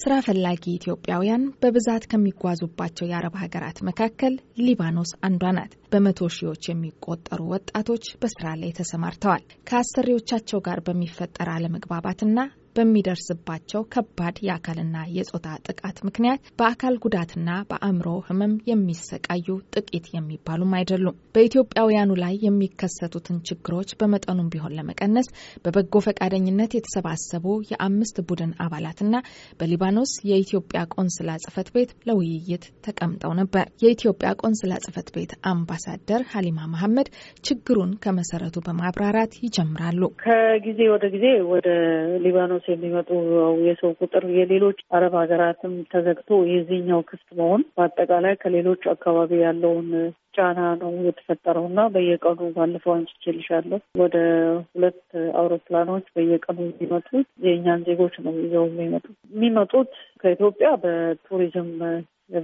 ስራ ፈላጊ ኢትዮጵያውያን በብዛት ከሚጓዙባቸው የአረብ ሀገራት መካከል ሊባኖስ አንዷ ናት። በመቶ ሺዎች የሚቆጠሩ ወጣቶች በስራ ላይ ተሰማርተዋል። ከአሰሪዎቻቸው ጋር በሚፈጠር አለመግባባትና በሚደርስባቸው ከባድ የአካልና የጾታ ጥቃት ምክንያት በአካል ጉዳትና በአእምሮ ሕመም የሚሰቃዩ ጥቂት የሚባሉም አይደሉም። በኢትዮጵያውያኑ ላይ የሚከሰቱትን ችግሮች በመጠኑም ቢሆን ለመቀነስ በበጎ ፈቃደኝነት የተሰባሰቡ የአምስት ቡድን አባላትና በሊባኖስ የኢትዮጵያ ቆንስላ ጽፈት ቤት ለውይይት ተቀምጠው ነበር። የኢትዮጵያ ቆንስላ ጽፈት ቤት አምባሳደር ሀሊማ መሐመድ ችግሩን ከመሰረቱ በማብራራት ይጀምራሉ። ከጊዜ ወደ ጊዜ ወደ ሊባኖስ እየቀነሱ የሚመጡ የሰው ቁጥር የሌሎች አረብ ሀገራትም ተዘግቶ የዚህኛው ክፍት መሆን በአጠቃላይ ከሌሎች አካባቢ ያለውን ጫና ነው የተፈጠረው እና በየቀኑ ባለፈው አንስቼልሻለሁ ወደ ሁለት አውሮፕላኖች በየቀኑ የሚመጡት የእኛን ዜጎች ነው ይዘው የሚመጡት የሚመጡት ከኢትዮጵያ በቱሪዝም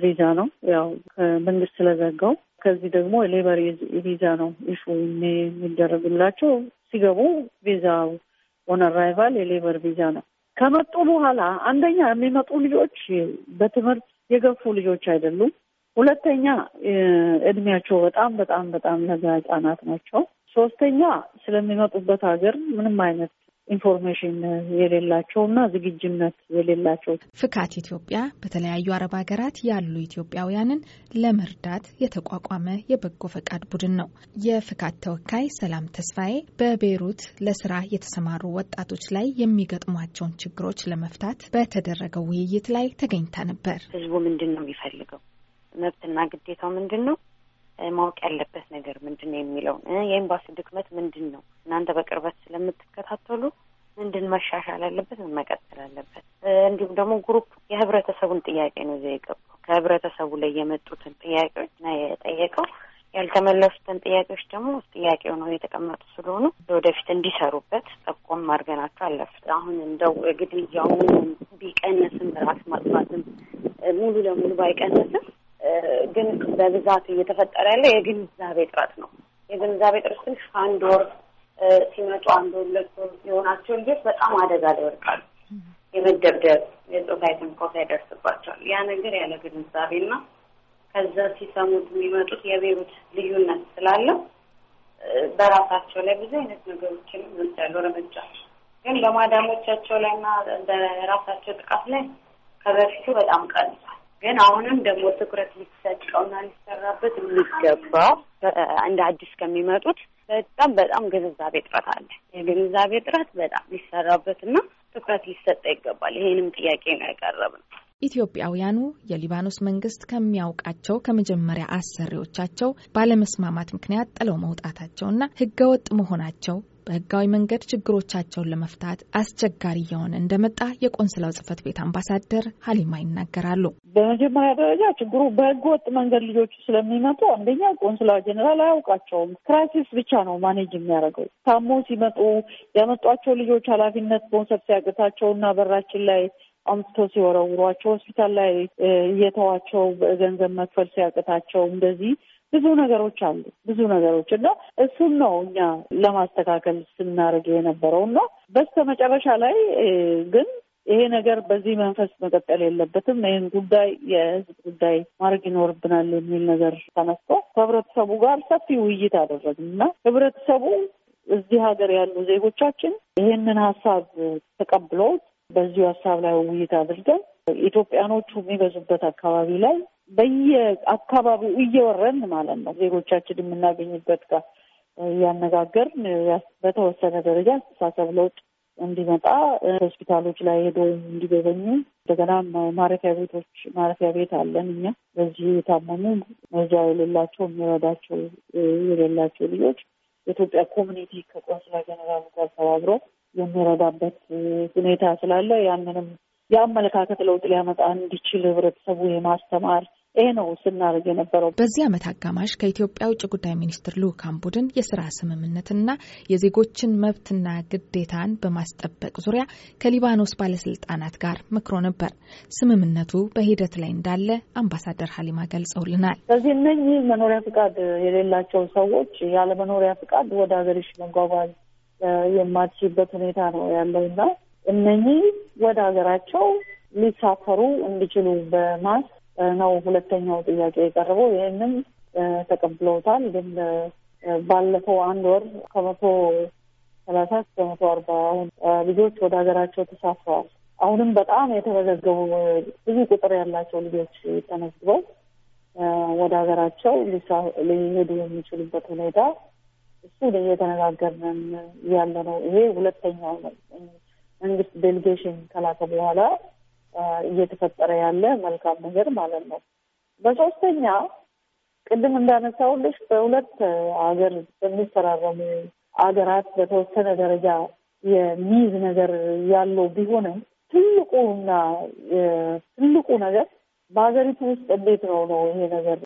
ቪዛ ነው ያው ከመንግስት ስለዘጋው ከዚህ ደግሞ የሌበር ቪዛ ነው ኢሹ የሚደረግላቸው ሲገቡ ቪዛ ኦን አራይቫል የሌበር ቪዛ ነው። ከመጡ በኋላ አንደኛ የሚመጡ ልጆች በትምህርት የገፉ ልጆች አይደሉም። ሁለተኛ እድሜያቸው በጣም በጣም በጣም ለጋ ህጻናት ናቸው። ሶስተኛ ስለሚመጡበት ሀገር ምንም አይነት ኢንፎርሜሽን የሌላቸው እና ዝግጅነት የሌላቸው። ፍካት ኢትዮጵያ በተለያዩ አረብ ሀገራት ያሉ ኢትዮጵያውያንን ለመርዳት የተቋቋመ የበጎ ፈቃድ ቡድን ነው። የፍካት ተወካይ ሰላም ተስፋዬ በቤይሩት ለስራ የተሰማሩ ወጣቶች ላይ የሚገጥሟቸውን ችግሮች ለመፍታት በተደረገው ውይይት ላይ ተገኝታ ነበር። ህዝቡ ምንድን ነው የሚፈልገው? መብትና ግዴታው ምንድን ነው? ማወቅ ያለበት ነገር ምንድን ነው የሚለውን የኤምባሲ ድክመት ምንድን ነው እናንተ በቅርበት ስለምትከታተሉ ምንድን መሻሻል አለበት፣ ምን መቀጠል አለበት። እንዲሁም ደግሞ ግሩፕ የህብረተሰቡን ጥያቄ ነው እዚያ የገባው ከህብረተሰቡ ላይ የመጡትን ጥያቄዎች እና የጠየቀው ያልተመለሱትን ጥያቄዎች ደግሞ ጥያቄው ነው የተቀመጡ ስለሆኑ ለወደፊት እንዲሰሩበት ጠቆም አድርገናቸው አለፍ አሁን እንደው ግድያውን ቢቀነስም ራስ ማጥፋትም ሙሉ ለሙሉ ባይቀነስም። ግን በብዛት እየተፈጠረ ያለ የግንዛቤ እጥረት ነው። የግንዛቤ እጥረት ትንሽ ወር ሲመጡ አንድ ወር ሁለት ወር የሆናቸው ልጆች በጣም አደጋ ላይ ይወድቃሉ። የመደብደብ የጾታዊ ትንኮሳ ይደርስባቸዋል። ያ ነገር ያለ ግንዛቤና ከዛ ሲሰሙት የሚመጡት የቤሩት ልዩነት ስላለው በራሳቸው ላይ ብዙ አይነት ነገሮችን ይወስዳሉ እርምጃ። ግን በማዳሞቻቸው ላይ እና በራሳቸው ጥቃት ላይ ከበፊቱ በጣም ቀንሷል። ግን አሁንም ደግሞ ትኩረት ሊሰጠውና ሊሰራበት የሚገባው እንደ አዲስ ከሚመጡት በጣም በጣም ግንዛቤ እጥረት አለ። የግንዛቤ እጥረት በጣም ሊሰራበትና ትኩረት ሊሰጠ ይገባል። ይሄንም ጥያቄ ነው ያቀረብነው። ኢትዮጵያውያኑ የሊባኖስ መንግስት ከሚያውቃቸው ከመጀመሪያ አሰሪዎቻቸው ባለመስማማት ምክንያት ጥለው መውጣታቸውና ህገወጥ መሆናቸው በህጋዊ መንገድ ችግሮቻቸውን ለመፍታት አስቸጋሪ እየሆነ እንደመጣ የቆንስላው ጽህፈት ቤት አምባሳደር ሀሊማ ይናገራሉ። በመጀመሪያ ደረጃ ችግሩ በህገ ወጥ መንገድ ልጆቹ ስለሚመጡ አንደኛ ቆንስላ ጀኔራል አያውቃቸውም። ክራይሲስ ብቻ ነው ማኔጅ የሚያደርገው። ታሞ ሲመጡ ያመጧቸው ልጆች ኃላፊነት መውሰድ ሲያቅታቸው እና በራችን ላይ አምጥቶ ሲወረውሯቸው ሆስፒታል ላይ እየተዋቸው ገንዘብ መክፈል ሲያቅታቸው እንደዚህ ብዙ ነገሮች አሉ፣ ብዙ ነገሮች እና እሱን ነው እኛ ለማስተካከል ስናደርግ የነበረው እና በስተ መጨረሻ ላይ ግን ይሄ ነገር በዚህ መንፈስ መቀጠል የለበትም፣ ይህን ጉዳይ የህዝብ ጉዳይ ማድረግ ይኖርብናል የሚል ነገር ተነስቶ ከህብረተሰቡ ጋር ሰፊ ውይይት አደረግን እና ህብረተሰቡ እዚህ ሀገር ያሉ ዜጎቻችን ይህንን ሀሳብ ተቀብለውት በዚሁ ሀሳብ ላይ ውይይት አድርገን ኢትዮጵያኖቹ የሚበዙበት አካባቢ ላይ በየአካባቢው እየወረን ማለት ነው ዜጎቻችን የምናገኝበት ጋር እያነጋገርን በተወሰነ ደረጃ አስተሳሰብ ለውጥ እንዲመጣ ሆስፒታሎች ላይ ሄዶ እንዲጎበኙ እንደገና ማረፊያ ቤቶች ማረፊያ ቤት አለን እኛ በዚህ የታመሙ መርጃ የሌላቸው የሚረዳቸው የሌላቸው ልጆች የኢትዮጵያ ኮሚኒቲ ከቆንስላ ጀኔራሉ ጋር ተባብሮ የሚረዳበት ሁኔታ ስላለ ያንንም የአመለካከት ለውጥ ሊያመጣ እንዲችል ህብረተሰቡ የማስተማር ይሄ ነው ስናደርግ የነበረው። በዚህ ዓመት አጋማሽ ከኢትዮጵያ ውጭ ጉዳይ ሚኒስትር ልኡካን ቡድን የስራ ስምምነትና የዜጎችን መብትና ግዴታን በማስጠበቅ ዙሪያ ከሊባኖስ ባለስልጣናት ጋር መክሮ ነበር። ስምምነቱ በሂደት ላይ እንዳለ አምባሳደር ሀሊማ ገልጸውልናል። ስለዚህ እነዚህ መኖሪያ ፍቃድ የሌላቸው ሰዎች ያለ መኖሪያ ፍቃድ ወደ ሀገርሽ መጓጓዝ የማትችልበት ሁኔታ ነው እና እነኚህ ወደ ሀገራቸው ሊሳፈሩ እንዲችሉ በማስ ነው ሁለተኛው ጥያቄ የቀረበው። ይህንም ተቀብለውታል። ግን ባለፈው አንድ ወር ከመቶ ሰላሳ እስከ መቶ አርባ አሁን ልጆች ወደ ሀገራቸው ተሳፍረዋል። አሁንም በጣም የተመዘገቡ ብዙ ቁጥር ያላቸው ልጆች ተመዝግበው ወደ ሀገራቸው ሊሄዱ የሚችሉበት ሁኔታ እሱ እየተነጋገርን ያለ ነው። ይሄ ሁለተኛው መንግስት ዴሊጌሽን ከላከ በኋላ እየተፈጠረ ያለ መልካም ነገር ማለት ነው። በሶስተኛ ቅድም እንዳነሳውልሽ በሁለት ሀገር በሚፈራረሙ ሀገራት በተወሰነ ደረጃ የሚይዝ ነገር ያለው ቢሆንም ትልቁና ትልቁ ነገር በሀገሪቱ ውስጥ እንዴት ነው ነው ይሄ ነገር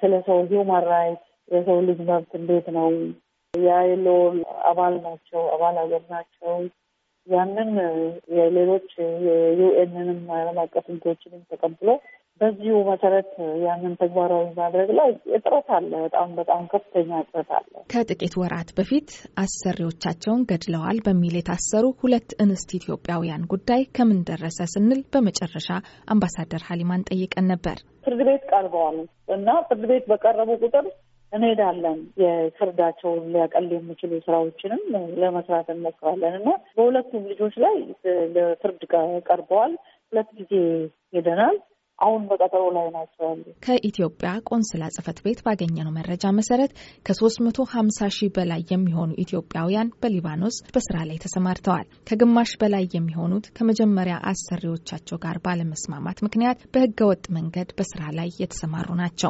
ስለ ሰው ሂውማን ራይት የሰው ልጅ መብት እንዴት ነው የአይሎ አባል ናቸው አባል ሀገር ናቸው ያንን የሌሎች የዩኤንንም ዓለም አቀፍ ህጎችንም ተቀብሎ በዚሁ መሰረት ያንን ተግባራዊ ማድረግ ላይ እጥረት አለ። በጣም በጣም ከፍተኛ እጥረት አለ። ከጥቂት ወራት በፊት አሰሪዎቻቸውን ገድለዋል በሚል የታሰሩ ሁለት እንስት ኢትዮጵያውያን ጉዳይ ከምን ደረሰ ስንል በመጨረሻ አምባሳደር ሀሊማን ጠይቀን ነበር። ፍርድ ቤት ቀርበዋል እና ፍርድ ቤት በቀረቡ ቁጥር እንሄዳለን። የፍርዳቸውን ሊያቀል የሚችሉ ስራዎችንም ለመስራት እንሞክራለን እና በሁለቱም ልጆች ላይ ለፍርድ ቀርበዋል። ሁለት ጊዜ ሄደናል። አሁን በቀጠሮ ላይ ናቸው ያሉ። ከኢትዮጵያ ቆንስላ ጽፈት ቤት ባገኘነው መረጃ መሰረት ከሶስት መቶ ሀምሳ ሺህ በላይ የሚሆኑ ኢትዮጵያውያን በሊባኖስ በስራ ላይ ተሰማርተዋል። ከግማሽ በላይ የሚሆኑት ከመጀመሪያ አሰሪዎቻቸው ጋር ባለመስማማት ምክንያት በህገወጥ መንገድ በስራ ላይ የተሰማሩ ናቸው።